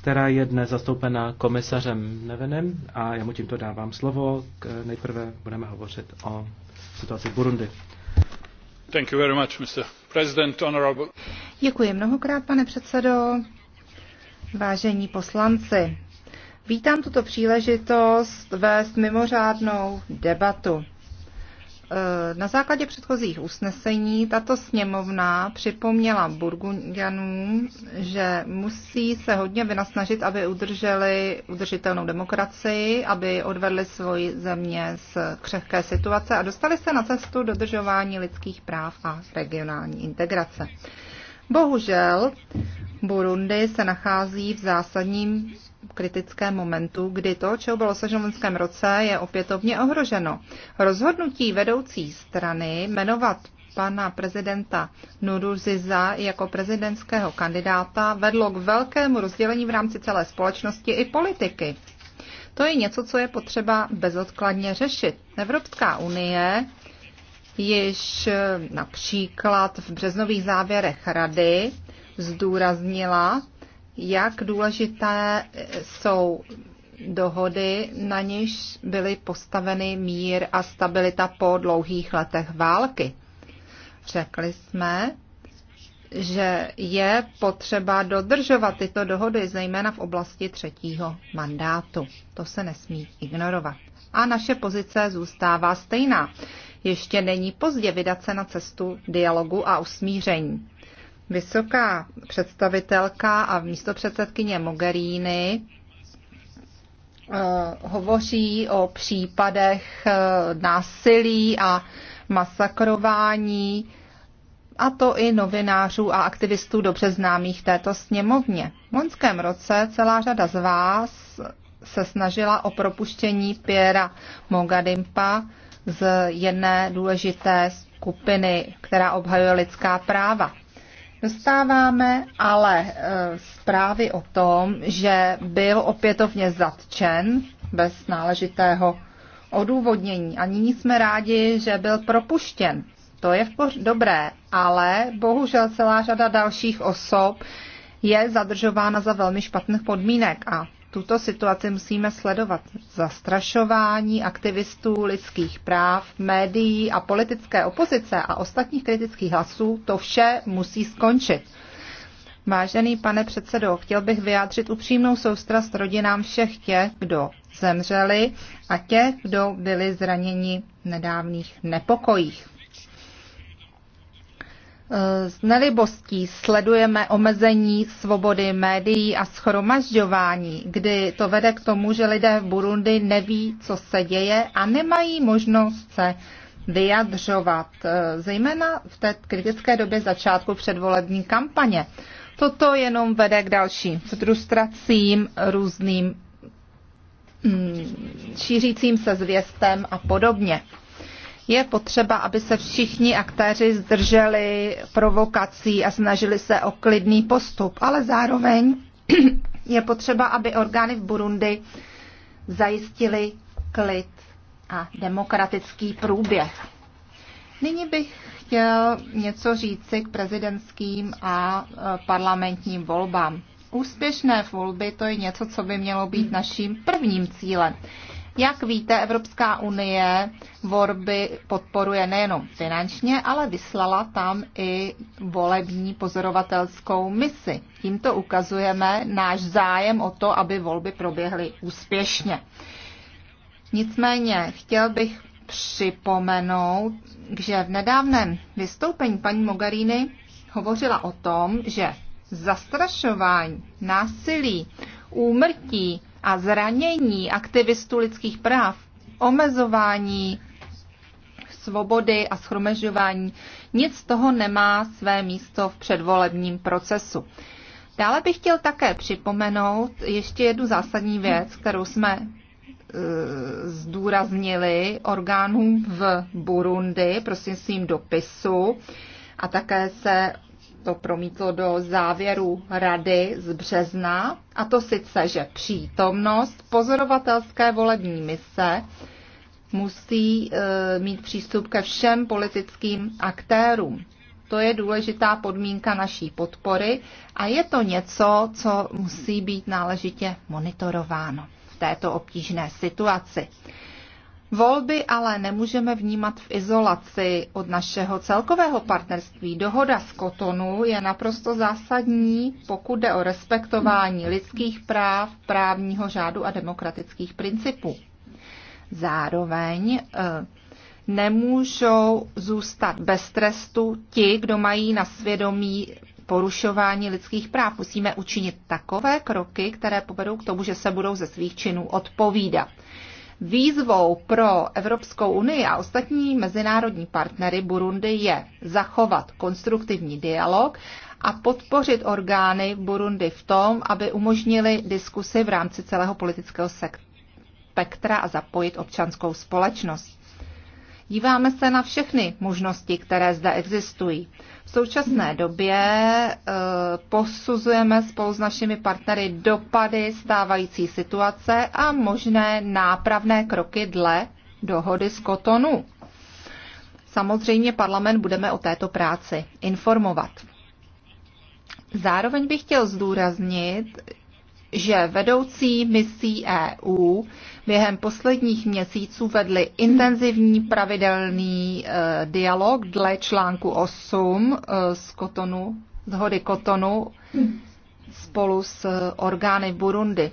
která je dnes zastoupena komisařem Nevenem a já mu tímto dávám slovo. Nejprve budeme hovořit o situaci v Burundi. Thank you very much, Mr. President, honorable... Děkuji mnohokrát, pane předsedo. Vážení poslanci, vítám tuto příležitost vést mimořádnou debatu. Eh, na základě předchozích usnesení tato sněmovna připomněla Burgundianům, že musí se hodně vynasnažit, aby udrželi udržitelnou demokracii, aby odvedli svoji země z křehké situace a dostali se na cestu dodržování lidských práv a regionální integrace. Bohužel Burundi se nachází v zásadním kritickém momentu, kdy to, čeho bylo dosaženo v loňském roce, je opětovně ohroženo. Rozhodnutí vedoucí strany jmenovat pana prezidenta Nuruziza jako prezidentského kandidáta vedlo k velkému rozdělení v rámci celé společnosti i politiky. To je něco, co je potřeba bezodkladně řešit. Evropská unie již například v březnových závěrech rady zdůraznila jak důležité jsou dohody, na níž byly postaveny mír a stabilita po dlouhých letech války. Řekli jsme, že je potřeba dodržovat tyto dohody, zejména v oblasti třetího mandátu. To se nesmí ignorovat. A naše pozice zůstává stejná. Ještě není pozdě vydat se na cestu dialogu a usmíření. Vysoká představitelka a místopředsedkyně Mogherini eh, hovoří o případech eh, násilí a masakrování, a to i novinářů a aktivistů dobře známých této sněmovně. V loňském roce celá řada z vás se snažila o propuštění Piera Mogadimpa z jedné důležité skupiny, která obhajuje lidská práva. Dostáváme ale eh, zprávy o tom, že byl opětovně zatčen bez náležitého odůvodnění. A nyní jsme rádi, že byl propuštěn. To je v poř- dobré, ale bohužel celá řada dalších osob je zadržována za velmi špatných podmínek a tuto situaci musíme sledovat. Zastrašování aktivistů lidských práv, médií a politické opozice a ostatních kritických hlasů, to vše musí skončit. Vážený pane předsedo, chtěl bych vyjádřit upřímnou soustrast rodinám všech těch, kdo zemřeli a těch, kdo byli zraněni v nedávných nepokojích. Eh, s nelibostí sledujeme omezení svobody médií a schromažďování, kdy to vede k tomu, že lidé v Burundi neví, co se děje a nemají možnost se vyjadřovat, eh, zejména v té kritické době začátku předvolební kampaně. Toto jenom vede k dalším frustracím, různým mm, šířícím se zvěstem a podobně. Je potřeba, aby se všichni aktéři zdrželi provokací a snažili se o klidný postup, ale zároveň je potřeba, aby orgány v Burundi zajistili klid a demokratický průběh. Nyní bych chtěl něco říci k prezidentským a e, parlamentním volbám. Úspěšné volby to je něco, co by mělo být naším prvním cílem. Jak víte, Evropská unie vorby podporuje nejenom finančně, ale vyslala tam i volební pozorovatelskou misi. Tímto ukazujeme náš zájem o to, aby volby proběhly úspěšně. Nicméně chtěl bych připomenout, že v nedávném vystoupení paní Mogarini hovořila o tom, že zastrašování, násilí, úmrtí a zranění aktivistů lidských práv, omezování svobody a schromežování, nic z toho nemá své místo v předvolebním procesu. Dále bych chtěl také připomenout ještě jednu zásadní věc, kterou jsme e, zdůraznili orgánům v Burundi prostřednictvím dopisu a také se to promítlo do závěru rady z března, a to sice, že přítomnost pozorovatelské volební mise musí e, mít přístup ke všem politickým aktérům. To je důležitá podmínka naší podpory a je to něco, co musí být náležitě monitorováno v této obtížné situaci. Volby ale nemůžeme vnímat v izolaci od našeho celkového partnerství. Dohoda z Kotonu je naprosto zásadní, pokud jde o respektování lidských práv, právního řádu a demokratických principů. Zároveň eh, nemůžou zůstat bez trestu ti, kdo mají na svědomí porušování lidských práv. Musíme učinit takové kroky, které povedou k tomu, že se budou ze svých činů odpovídat. Výzvou pro Evropskou unii a ostatní mezinárodní partnery Burundi je zachovat konstruktivní dialog a podpořit orgány Burundi v tom, aby umožnili diskusy v rámci celého politického spektra a zapojit občanskou společnost. Díváme se na všechny možnosti, které zde existují. V současné době eh, posuzujeme spolu s našimi partnery dopady stávající situace a možné nápravné kroky dle dohody z Kotonu. Samozřejmě parlament budeme o této práci informovat. Zároveň bych chtěl zdůraznit, že vedoucí misí EU během posledních měsíců vedli intenzivní pravidelný eh, dialog dle článku 8 eh, z Kotonu, z hody Kotonu spolu s orgány Burundi.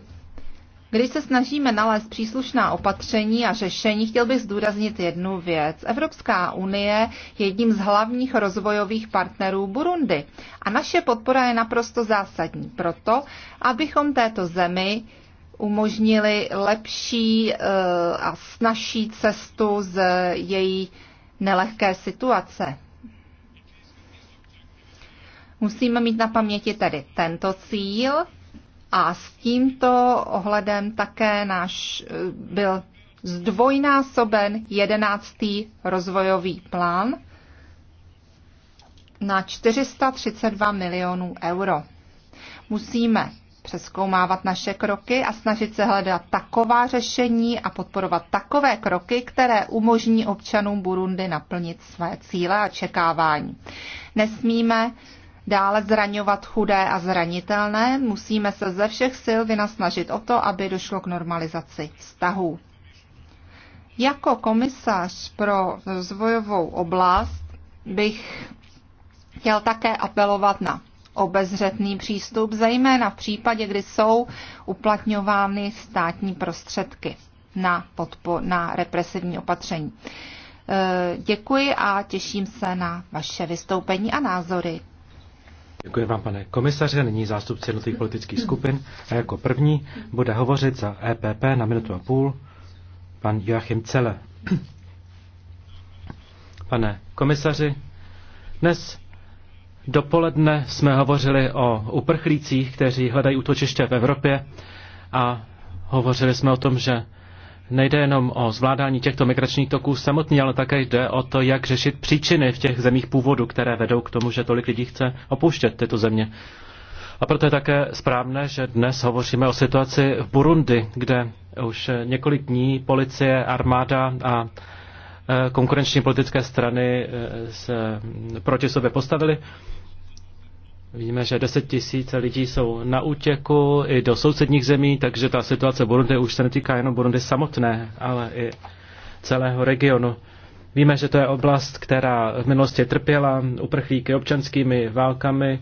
Když se snažíme nalézt příslušná opatření a řešení, chtěl bych zdůraznit jednu věc. Evropská unie je jedním z hlavních rozvojových partnerů Burundi a naše podpora je naprosto zásadní proto, abychom této zemi umožnili lepší eh, a snažší cestu z její nelehké situace. Musíme mít na paměti tedy tento cíl a s tímto ohledem také náš eh, byl zdvojnásoben jedenáctý rozvojový plán na 432 milionů euro. Musíme přeskoumávat naše kroky a snažit se hledat taková řešení a podporovat takové kroky, které umožní občanům Burundi naplnit své cíle a čekávání. Nesmíme dále zraňovat chudé a zranitelné, musíme se ze všech sil vynasnažit o to, aby došlo k normalizaci vztahů. Jako komisař pro rozvojovou oblast bych chtěl také apelovat na obezřetný přístup, zejména v případě, kdy jsou uplatňovány státní prostředky na, podpo- na represivní opatření. E, děkuji a těším se na vaše vystoupení a názory. Děkuji vám, pane komisaře. Nyní zástupce jednotlivých politických skupin. A jako první bude hovořit za EPP na minutu a půl pan Joachim Cele. Pane komisaři, dnes dopoledne jsme hovořili o uprchlících, kteří hledají útočiště v Evropě a hovořili jsme o tom, že nejde jenom o zvládání těchto migračních toků samotně, ale také jde o to, jak řešit příčiny v těch zemích původu, které vedou k tomu, že tolik lidí chce opouštět tyto země. A proto je také správné, že dnes hovoříme o situaci v Burundi, kde už několik dní policie, armáda a e, konkurenční politické strany e, se proti sobě postavili. Víme, že 10 tisíc lidí jsou na útěku i do sousedních zemí, takže ta situace v Burundi už se netýká jenom Burundi samotné, ale i celého regionu. Víme, že to je oblast, která v minulosti trpěla uprchlíky občanskými válkami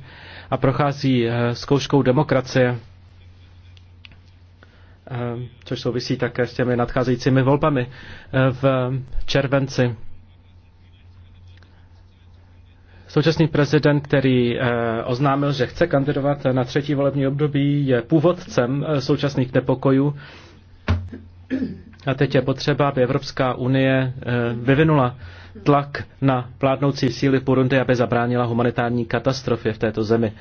a prochází eh, zkouškou demokracie, eh, což souvisí také s těmi nadcházejícími volbami eh, v červenci. Současný prezident, který eh, oznámil, že chce kandidovat na třetí volební období, je původcem eh, současných nepokojů. A teď je potřeba, aby Evropská unie eh, vyvinula tlak na vládnoucí síly Burundi, aby zabránila humanitární katastrofě v této zemi.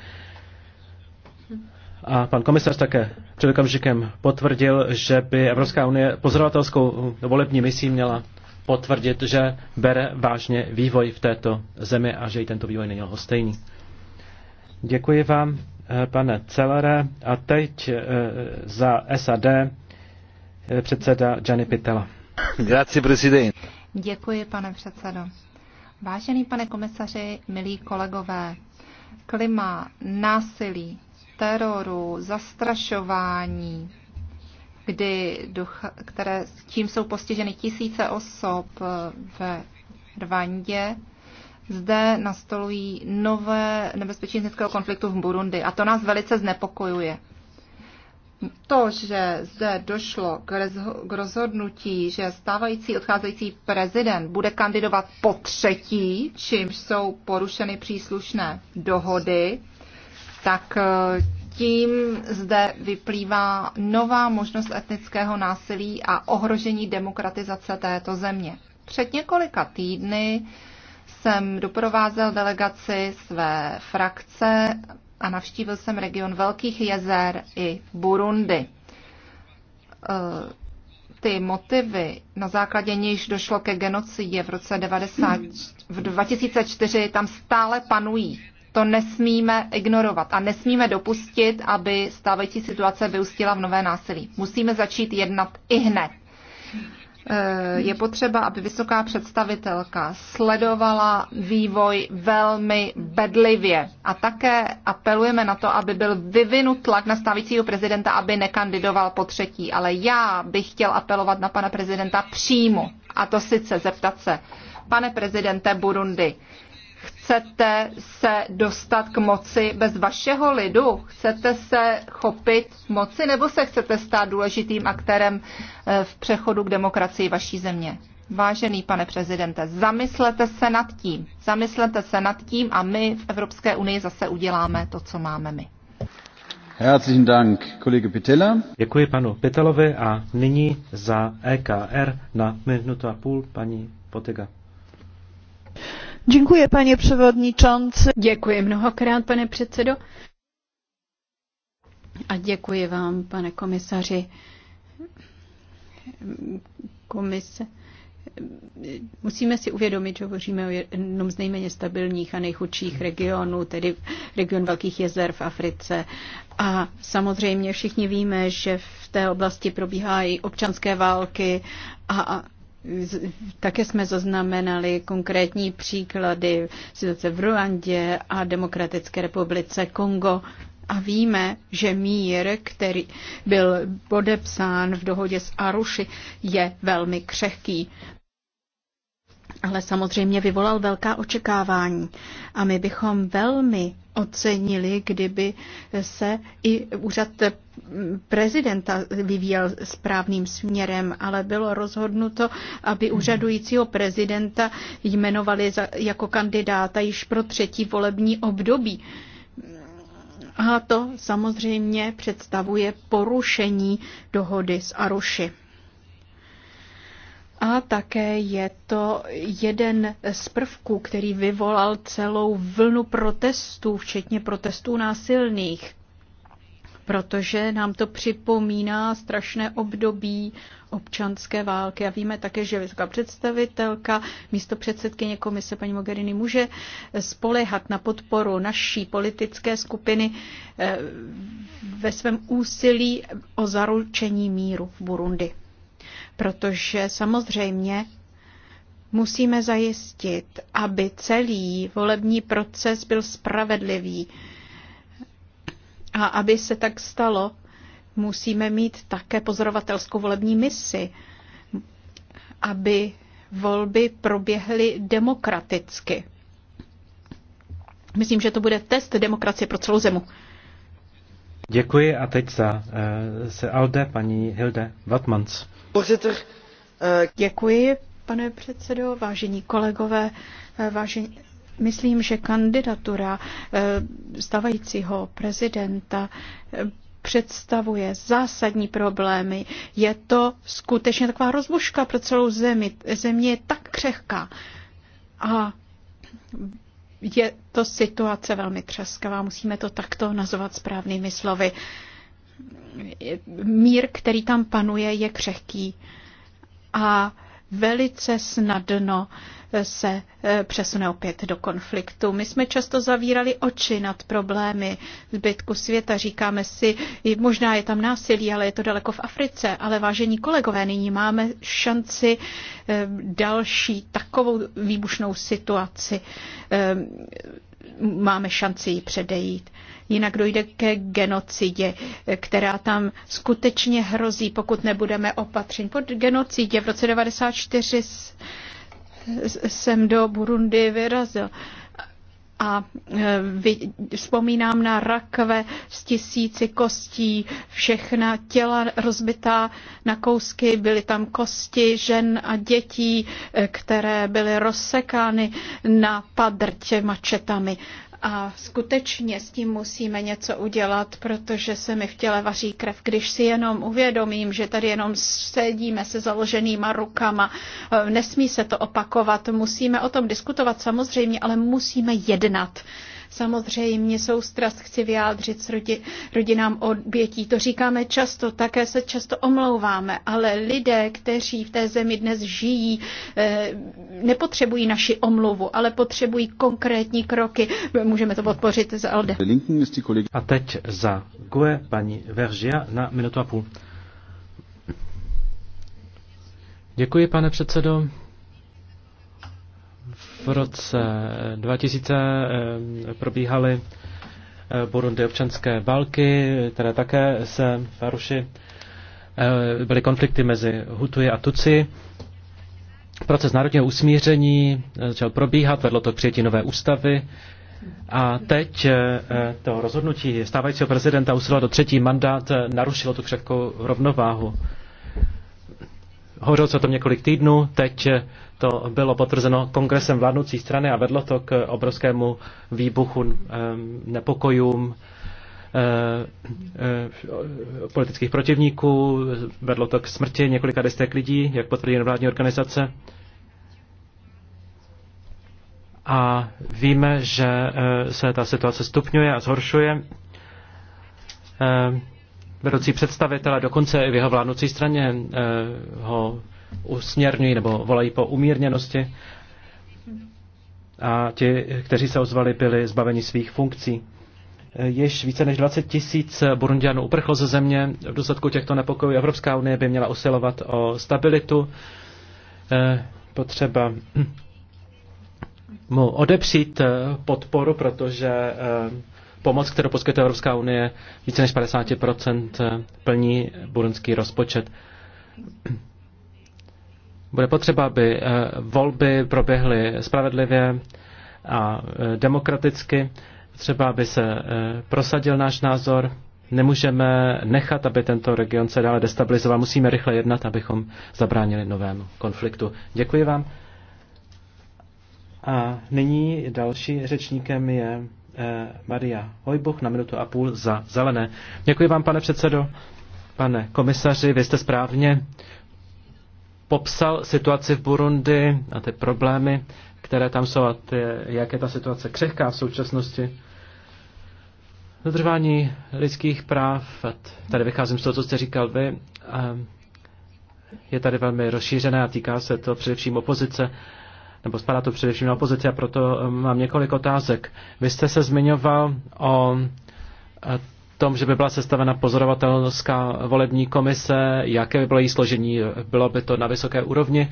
A pan komisař také před okamžikem potvrdil, že by Evropská unie pozorovatelskou volební misí měla potvrdit, že bere vážně vývoj v této zemi a že i tento vývoj není stejný. Děkuji vám, eh, pane Celere. A teď eh, za SAD eh, předseda Gianni Pitela. Grazie, presidente. Děkuji, pane předsedo. Vážený pane komisaři, milí kolegové, klima, násilí, teroru, zastrašování, kdy duch, které, tím jsou postiženy tisíce osob ve Rwandě, zde nastolují nové nebezpečí etnického konfliktu v Burundi a to nás velice znepokojuje. To, že zde došlo k rozhodnutí, že stávající odcházející prezident bude kandidovat po třetí, čímž jsou porušeny příslušné dohody, tak tím zde vyplývá nová možnost etnického násilí a ohrožení demokratizace této země. Před několika týdny jsem doprovázel delegaci své frakce a navštívil jsem region Velkých jezer i Burundi. E, ty motivy, na základě níž došlo ke genocidě v roce 90, v 2004, tam stále panují. To nesmíme ignorovat a nesmíme dopustit, aby stávající situace vyústila v nové násilí. Musíme začít jednat i hned. E, je potřeba, aby vysoká představitelka sledovala vývoj velmi bedlivě a také apelujeme na to, aby byl vyvinut tlak na stávajícího prezidenta, aby nekandidoval po třetí. Ale já bych chtěl apelovat na pana prezidenta přímo a to sice zeptat se, pane prezidente Burundi, Chcete se dostat k moci bez vašeho lidu? Chcete se chopit moci nebo se chcete stát důležitým aktérem eh, v přechodu k demokracii vaší země? Vážený pane prezidente, zamyslete se nad tím. Zamyslete se nad tím a my v Evropské unii zase uděláme to, co máme my. Herzlichen Dank, Děkuji panu Petelovi a nyní za EKR na minutu a půl paní Potega. Dziękuję, panie przewodniczący. Děkuji mnohokrát, pane předsedo. A děkuji vám, pane komisaři. Komise. Musíme si uvědomit, že hovoříme o jednom z nejméně stabilních a nejchudších regionů, tedy region Velkých jezer v Africe. A samozřejmě všichni víme, že v té oblasti probíhají občanské války a také jsme zaznamenali konkrétní příklady situace v Ruandě a Demokratické republice Kongo. A víme, že mír, který byl podepsán v dohodě s Aruši, je velmi křehký ale samozřejmě vyvolal velká očekávání. A my bychom velmi ocenili, kdyby se i úřad prezidenta vyvíjel správným směrem, ale bylo rozhodnuto, aby úřadujícího prezidenta jmenovali jako kandidáta již pro třetí volební období. A to samozřejmě představuje porušení dohody s Aruši. A také je to jeden z prvků, který vyvolal celou vlnu protestů, včetně protestů násilných, protože nám to připomíná strašné období občanské války. A víme také, že vysoká představitelka, místo předsedkyně komise paní Mogherini může spolehat na podporu naší politické skupiny eh, ve svém úsilí o zaručení míru v Burundi protože samozřejmě musíme zajistit, aby celý volební proces byl spravedlivý. A aby se tak stalo, musíme mít také pozorovatelskou volební misi, aby volby proběhly demokraticky. Myslím, že to bude test demokracie pro celou zemu. Děkuji a teď za eh, se Alde paní Hilde Vatmans. Eh, Děkuji, pane předsedo, vážení kolegové, eh, vážení, myslím, že kandidatura stavajícího prezidenta představuje zásadní problémy. Je to skutečně taková rozbuška pro celou zemi. Země je tak křehká. A je to situace velmi třeskavá, musíme to takto nazvat správnými slovy. Mír, který tam panuje, je křehký a velice snadno se eh, přesune opět do konfliktu. My jsme často zavírali oči nad problémy zbytku světa. Říkáme si, možná je tam násilí, ale je to daleko v Africe. Ale vážení kolegové, nyní máme šanci eh, další takovou výbušnou situaci. Eh, máme šanci ji předejít jinak dojde ke genocidě, která tam skutečně hrozí, pokud nebudeme opatření. Pod genocidě v roce 94 jsem do Burundi vyrazil. A e, vzpomínám na rakve z tisíci kostí, všechna těla rozbitá na kousky, byly tam kosti žen a dětí, e, které byly rozsekány na padrtě mačetami. A skutečně s tím musíme něco udělat, protože se mi v těle vaří krev. Když si jenom uvědomím, že tady jenom sedíme se založenýma rukama, eh, nesmí se to opakovat, musíme o tom diskutovat samozřejmě, ale musíme jednat. Samozřejmě soustrast chci vyjádřit s rodi, rodinám obětí. To říkáme často, také se často omlouváme, ale lidé, kteří v té zemi dnes žijí, eh, nepotřebují naši omluvu, ale potřebují konkrétní kroky. Můžeme to podpořit za Alde. A teď za GUE paní Veržia na minutu a půl. Děkuji, pane předsedo. V roce 2000 eh, probíhaly eh, Burundi občanské války, které také se v Aruši eh, byly konflikty mezi Hutuji a Tuci. Proces národního usmíření začal probíhat, vedlo to k přijetí nové ústavy a teď to rozhodnutí stávajícího prezidenta usilovat do třetí mandát narušilo tu křehkou rovnováhu. Hovořilo se o tom několik týdnů, teď to bylo potvrzeno kongresem vládnoucí strany a vedlo to k obrovskému výbuchu eh, nepokojům eh, eh, politických protivníků, vedlo to k smrti několika desítek lidí, jak potvrdí nevládní organizace. A víme, že se ta situace stupňuje a zhoršuje vedoucí představitele, dokonce i v jeho vládnoucí straně eh, ho usměrňují nebo volají po umírněnosti. A ti, kteří se ozvali, byli zbaveni svých funkcí. Eh, Již více než 20 tisíc Burundianů uprchlo ze země. V důsledku těchto nepokojů Evropská unie by měla usilovat o stabilitu. Eh, potřeba mu odepřít podporu, protože pomoc, kterou poskytuje Evropská unie, více než 50% plní burundský rozpočet. Bude potřeba, aby eh, volby proběhly spravedlivě a eh, demokraticky. Třeba, aby se eh, prosadil náš názor. Nemůžeme nechat, aby tento region se dále destabilizoval. Musíme rychle jednat, abychom zabránili novému konfliktu. Děkuji vám. A nyní další řečníkem je Eh, Maria Hojboch na minutu a půl za zelené. Děkuji vám, pane předsedo. Pane komisaři, vy jste správně popsal situaci v Burundi a ty problémy, které tam jsou a ty, jak je ta situace křehká v současnosti. Dodržování lidských práv, tady vycházím z toho, co jste říkal vy, je tady velmi rozšířené a týká se to především opozice nebo spadá to především na opozici a proto eh, mám několik otázek. Vy jste se zmiňoval o eh, tom, že by byla sestavena pozorovatelská volební komise, jaké by bylo její složení, bylo by to na vysoké úrovni.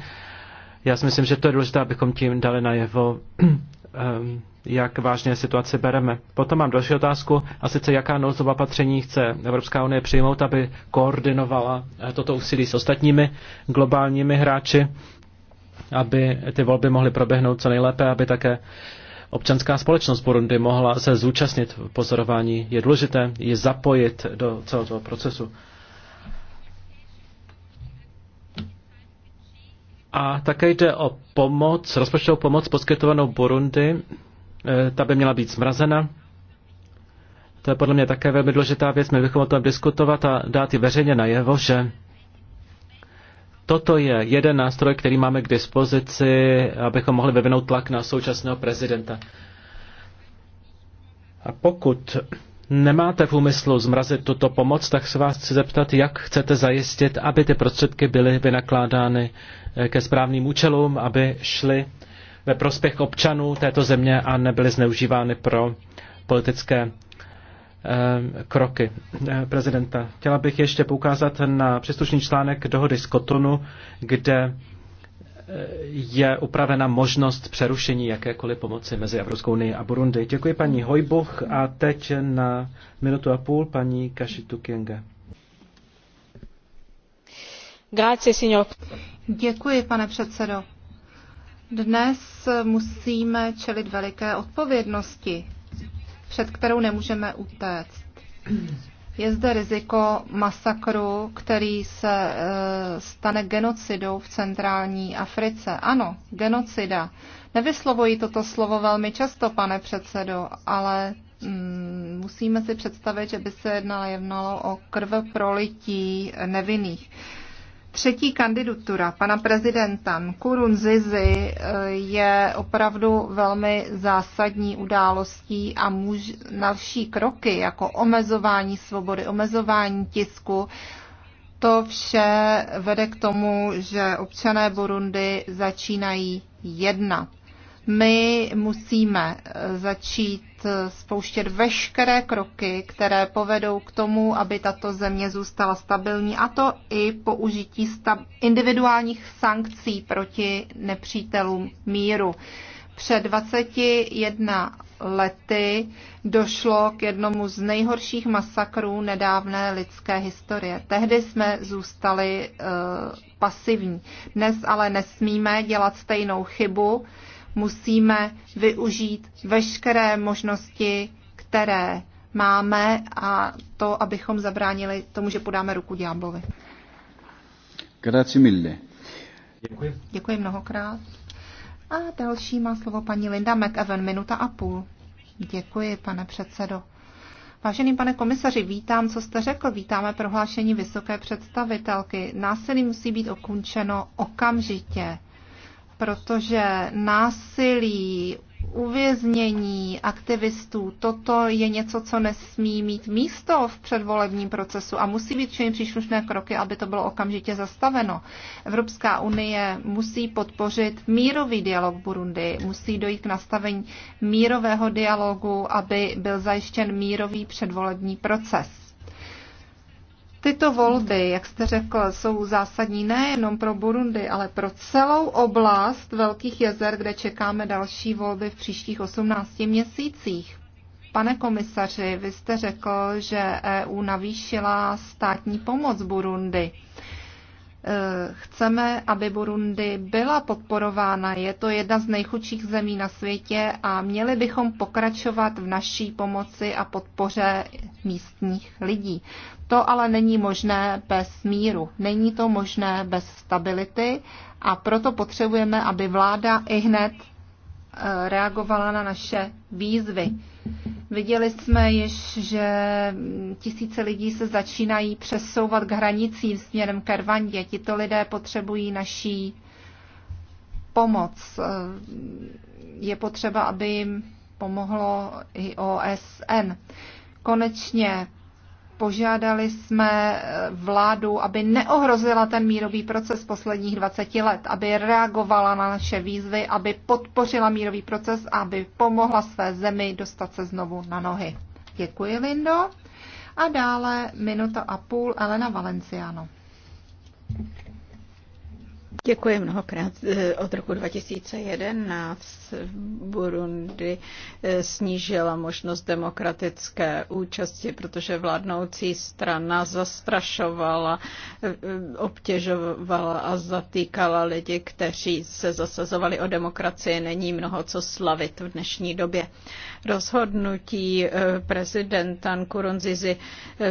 Já si myslím, že to je důležité, abychom tím dali najevo, ehm, jak vážně situaci bereme. Potom mám další otázku, a sice jaká nouzová opatření chce Evropská unie přijmout, aby koordinovala eh, toto úsilí s ostatními globálními hráči, aby ty volby mohly proběhnout co nejlépe, aby také občanská společnost Burundi mohla se zúčastnit v pozorování. Je důležité je zapojit do celého toho procesu. A také jde o pomoc, rozpočtovou pomoc poskytovanou Burundi. E, ta by měla být zmrazena. To je podle mě také velmi důležitá věc. My bychom o tom diskutovat a dát i veřejně najevo, že Toto je jeden nástroj, který máme k dispozici, abychom mohli vyvinout tlak na současného prezidenta. A pokud nemáte v úmyslu zmrazit tuto pomoc, tak se vás chci zeptat, jak chcete zajistit, aby ty prostředky byly vynakládány eh, ke správným účelům, aby šly ve prospěch občanů této země a nebyly zneužívány pro politické Ehm, kroky eh, prezidenta. Chtěla bych ještě poukázat na příslušný článek dohody z Kotonu, kde eh, je upravena možnost přerušení jakékoliv pomoci mezi Evropskou unii a Burundi. Děkuji paní Hojbuch a teď na minutu a půl paní Kashitu Kienge. signor. Děkuji, pane předsedo. Dnes musíme čelit veliké odpovědnosti před kterou nemůžeme utéct. Je zde riziko masakru, který se e, stane genocidou v centrální Africe. Ano, genocida. Nevyslovují toto slovo velmi často, pane předsedo, ale mm, musíme si představit, že by se jednalo, o krv prolití nevinných. Třetí kandidatura pana prezidenta Nkurun Zizi eh, je opravdu velmi zásadní událostí a muž, další kroky jako omezování svobody, omezování tisku, to vše vede k tomu, že občané Burundi začínají jednat. My musíme eh, začít eh, spouštět veškeré kroky, které povedou k tomu, aby tato země zůstala stabilní, a to i použití individuálních sankcí proti nepřítelům míru. Před 21 lety došlo k jednomu z nejhorších masakrů nedávné lidské historie. Tehdy jsme zůstali uh, pasivní. Dnes ale nesmíme dělat stejnou chybu, musíme využít veškeré možnosti, které máme a to, abychom zabránili tomu, že podáme ruku ďáblovi. Děkuji. Děkuji mnohokrát. A další má slovo paní Linda McEwen, minuta a půl. Děkuji, pane předsedo. Vážený pane komisaři, vítám, co jste řekl. Vítáme prohlášení vysoké představitelky. Násilí musí být okončeno okamžitě protože násilí, uvěznění aktivistů, toto je něco, co nesmí mít místo v předvolebním procesu a musí být činěny příslušné kroky, aby to bylo okamžitě zastaveno. Evropská unie musí podpořit mírový dialog Burundi, musí dojít k nastavení mírového dialogu, aby byl zajištěn mírový předvolební proces. Tyto volby, jak jste řekl, jsou zásadní nejenom pro Burundi, ale pro celou oblast Velkých jezer, kde čekáme další volby v příštích 18 měsících. Pane komisaři, vy jste řekl, že EU navýšila státní pomoc Burundi. Eh, chceme, aby Burundi byla podporována. Je to jedna z nejchudších zemí na světě a měli bychom pokračovat v naší pomoci a podpoře místních lidí. To ale není možné bez míru. Není to možné bez stability a proto potřebujeme, aby vláda i hned eh, reagovala na naše výzvy. Viděli jsme již, že tisíce lidí se začínají přesouvat k hranicím směrem k Rwandě. Tito lidé potřebují naší pomoc. Je potřeba, aby jim pomohlo i OSN. Konečně Požádali jsme eh, vládu, aby neohrozila ten mírový proces posledních 20 let, aby reagovala na naše výzvy, aby podpořila mírový proces a aby pomohla své zemi dostat se znovu na nohy. Děkuji, Lindo. A dále minuta a půl Elena Valenciano. Děkuji mnohokrát. Od roku 2011 Burundi eh, snížila možnost demokratické účasti, protože vládnoucí strana zastrašovala, eh, obtěžovala a zatýkala lidi, kteří se zasazovali o demokracii. Není mnoho co slavit v dnešní době. Rozhodnutí eh, prezidenta Nkurunzizi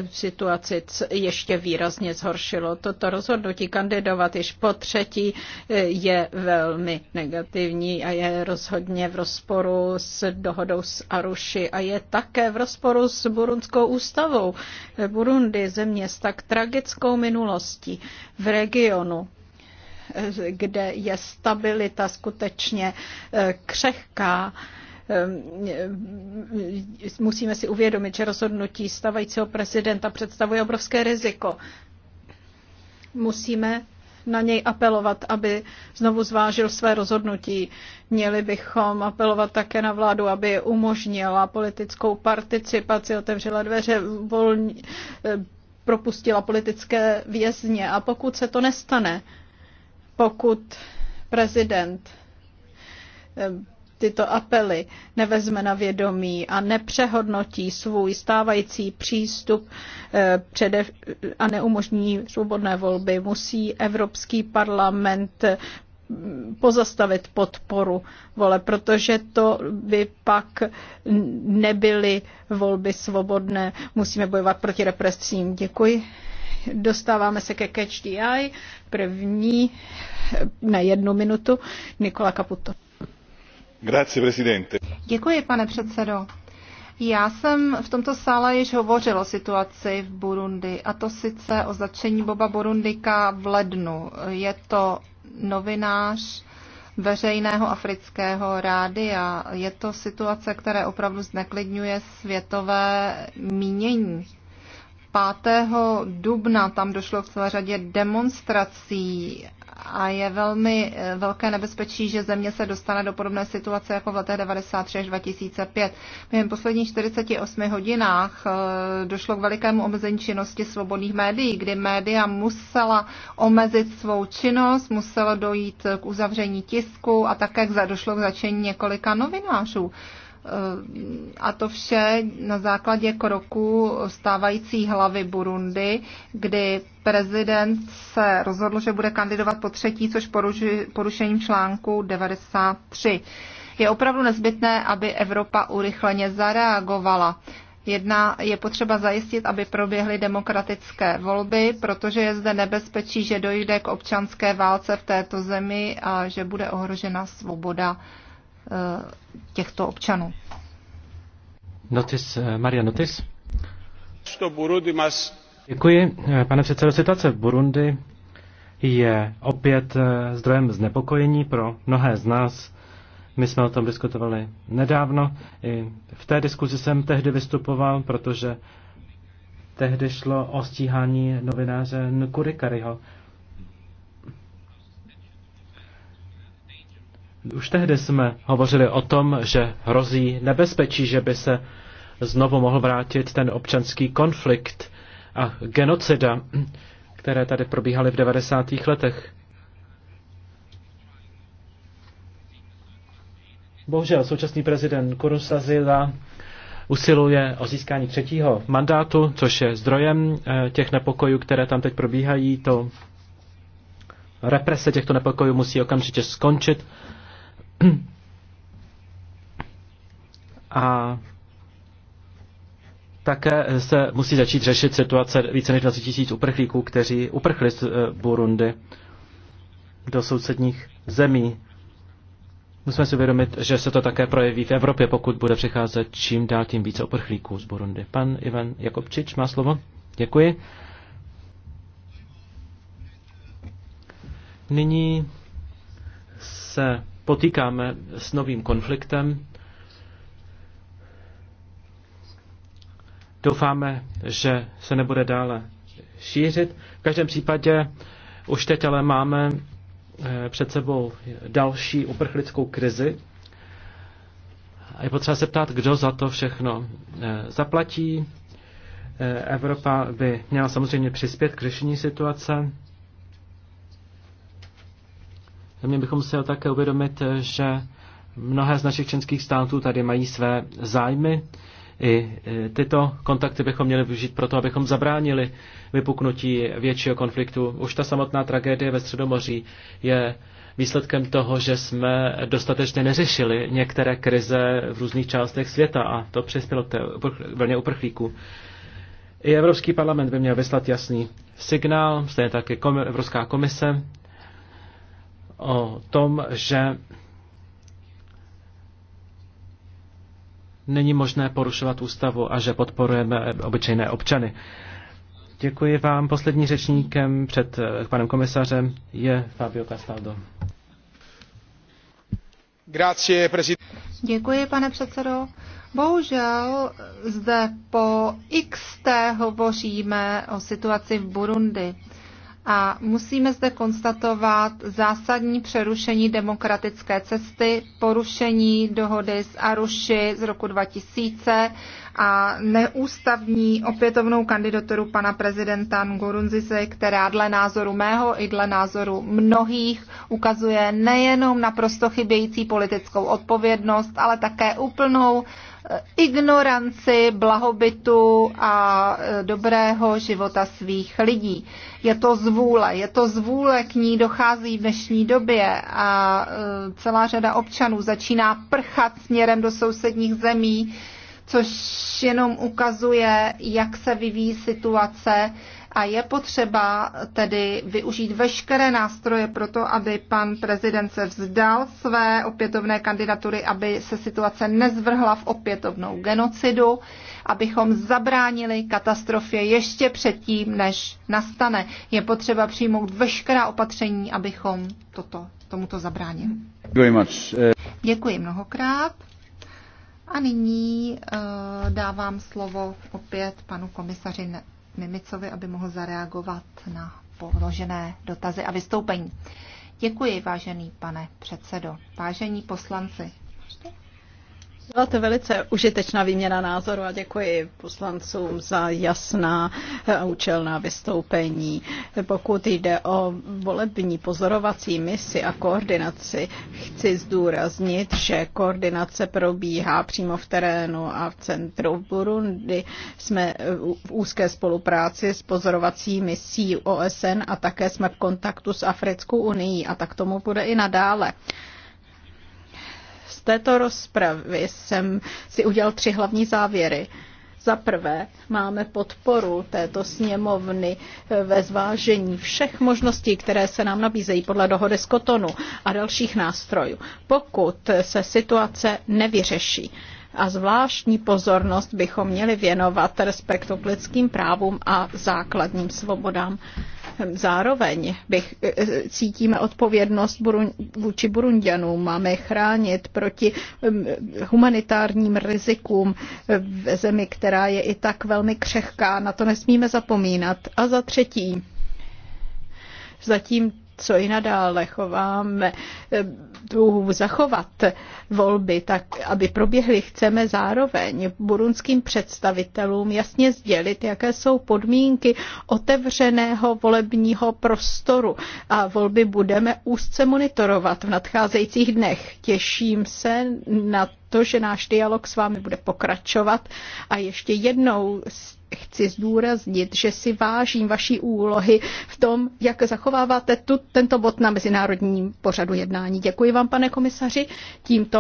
v situaci ještě výrazně zhoršilo. Toto rozhodnutí kandidovat již po třetí století eh, je velmi negativní a je rozhodně v rozporu s dohodou s Aruši a je také v rozporu s burundskou ústavou. Burundi, země s tak tragickou minulostí v regionu, eh, kde je stabilita skutečně eh, křehká, musíme si uvědomit, že rozhodnutí stavajícího prezidenta představuje obrovské riziko. Musíme na něj apelovat, aby znovu zvážil své rozhodnutí. Měli bychom apelovat také na vládu, aby umožnila politickou participaci, otevřela dveře, volně, eh, propustila politické vězně. A pokud se to nestane, pokud prezident eh, tyto apely nevezme na vědomí a nepřehodnotí svůj stávající přístup eh, a neumožní svobodné volby, musí Evropský parlament eh, pozastavit podporu vole, protože to by pak nebyly volby svobodné. Musíme bojovat proti represím. Děkuji. Dostáváme se ke Catch the Eye. První na jednu minutu Nikola Caputo. Děkuji, pane předsedo. Já jsem v tomto sále již hovořil o situaci v Burundi, a to sice o začení Boba Burundika v lednu. Je to novinář veřejného afrického rádia. Je to situace, která opravdu zneklidňuje světové mínění. 5. dubna tam došlo k celé řadě demonstrací a je velmi eh, velké nebezpečí, že země se dostane do podobné situace jako v letech 93 až 2005. Během posledních 48 hodinách eh, došlo k velikému omezení činnosti svobodných médií, kdy média musela omezit svou činnost, muselo dojít k uzavření tisku a také došlo k začení několika novinářů. A to vše na základě kroku stávající hlavy Burundi, kdy prezident se rozhodl, že bude kandidovat po třetí, což porušením článku 93. Je opravdu nezbytné, aby Evropa urychleně zareagovala. Jedna je potřeba zajistit, aby proběhly demokratické volby, protože je zde nebezpečí, že dojde k občanské válce v této zemi a že bude ohrožena svoboda Eh, těchto občanů. Notis, eh, Maria Notis. Děkuji, eh, pane předsedo. Situace v Burundi je opět zdrojem znepokojení pro mnohé z nás. My jsme o tom diskutovali nedávno. I v té diskuzi jsem tehdy vystupoval, protože tehdy šlo o stíhání novináře Nkurikaryho, Už tehdy jsme hovořili o tom, že hrozí nebezpečí, že by se znovu mohl vrátit ten občanský konflikt a genocida, které tady probíhaly v 90. letech. Bohužel současný prezident Kurusazila usiluje o získání třetího mandátu, což je zdrojem eh, těch nepokojů, které tam teď probíhají. To represe těchto nepokojů musí okamžitě skončit a také se musí začít řešit situace více než 20 tisíc uprchlíků, kteří uprchli z eh, Burundi do sousedních zemí. Musíme si uvědomit, že se to také projeví v Evropě, pokud bude přicházet čím dál tím více uprchlíků z Burundi. Pan Ivan Jakobčič má slovo. Děkuji. Nyní se potýkáme s novým konfliktem. Doufáme, že se nebude dále šířit. V každém případě už teď ale máme eh, před sebou další uprchlickou krizi. A je potřeba se ptát, kdo za to všechno eh, zaplatí. Eh, Evropa by měla samozřejmě přispět k řešení situace. Měli bychom si také uvědomit, že mnohé z našich členských států tady mají své zájmy. I tyto kontakty bychom měli využít proto, abychom zabránili vypuknutí většího konfliktu. Už ta samotná tragédie ve Středomoří je výsledkem toho, že jsme dostatečně neřešili některé krize v různých částech světa a to přispělo k té vlně uprchlíků. I Evropský parlament by měl vyslat jasný signál, stejně tak i Evropská komise, o tom, že není možné porušovat ústavu a že podporujeme obyčejné občany. Děkuji vám. Poslední řečníkem před eh, panem komisařem je Fabio Castaldo. Děkuji, pane předsedo. Bohužel zde po XT hovoříme o situaci v Burundi a musíme zde konstatovat zásadní přerušení demokratické cesty, porušení dohody z Aruši z roku 2000 a neústavní opětovnou kandidaturu pana prezidenta Ngurunzise, která dle názoru mého i dle názoru mnohých ukazuje nejenom naprosto chybějící politickou odpovědnost, ale také úplnou ignoranci blahobytu a e, dobrého života svých lidí. Je to zvůle, je to zvůle, k ní dochází v dnešní době a e, celá řada občanů začíná prchat směrem do sousedních zemí, což jenom ukazuje, jak se vyvíjí situace a je potřeba tedy využít veškeré nástroje pro to, aby pan prezident se vzdal své opětovné kandidatury, aby se situace nezvrhla v opětovnou genocidu, abychom zabránili katastrofě ještě předtím, než nastane. Je potřeba přijmout veškerá opatření, abychom toto, tomuto zabránili. Děkuji mnohokrát. A nyní uh, dávám slovo opět panu komisaři Mimicovi, aby mohl zareagovat na položené dotazy a vystoupení. Děkuji, vážený pane předsedo. Vážení poslanci, byla to velice užitečná výměna názoru a děkuji poslancům za jasná eh, a účelná vystoupení. Pokud jde o volební pozorovací misi a koordinaci, chci zdůraznit, že koordinace probíhá přímo v terénu a v centru Burundi. Jsme eh, v úzké spolupráci s pozorovací misí OSN a také jsme v kontaktu s Africkou unii a tak tomu bude i nadále této rozpravy jsem si udělal tři hlavní závěry. Za prvé, máme podporu této sněmovny eh, ve zvážení všech možností, které se nám nabízejí podle dohody z Kotonu a dalších nástrojů, pokud se situace nevyřeší. A zvláštní pozornost bychom měli věnovat respektu k lidským právům a základním svobodám. Zároveň bych, eh, eh, cítíme odpovědnost vůči Burundianům. Máme chránit proti mm, humanitárním rizikům eh, v zemi, která je i tak velmi křehká. Na to nesmíme zapomínat. A za třetí, zatím co i nadále chováme, tu eh, zachovat volby, tak aby proběhly, chceme zároveň burunským představitelům jasně sdělit, jaké jsou podmínky otevřeného volebního prostoru a volby budeme úzce monitorovat v nadcházejících dnech. Těším se na to, že náš dialog s vámi bude pokračovat. A ještě jednou chci zdůraznit, že si vážím vaší úlohy v tom, jak zachováváte tu, tento bod na mezinárodním pořadu jednání. Děkuji vám, pane komisaři. Tímto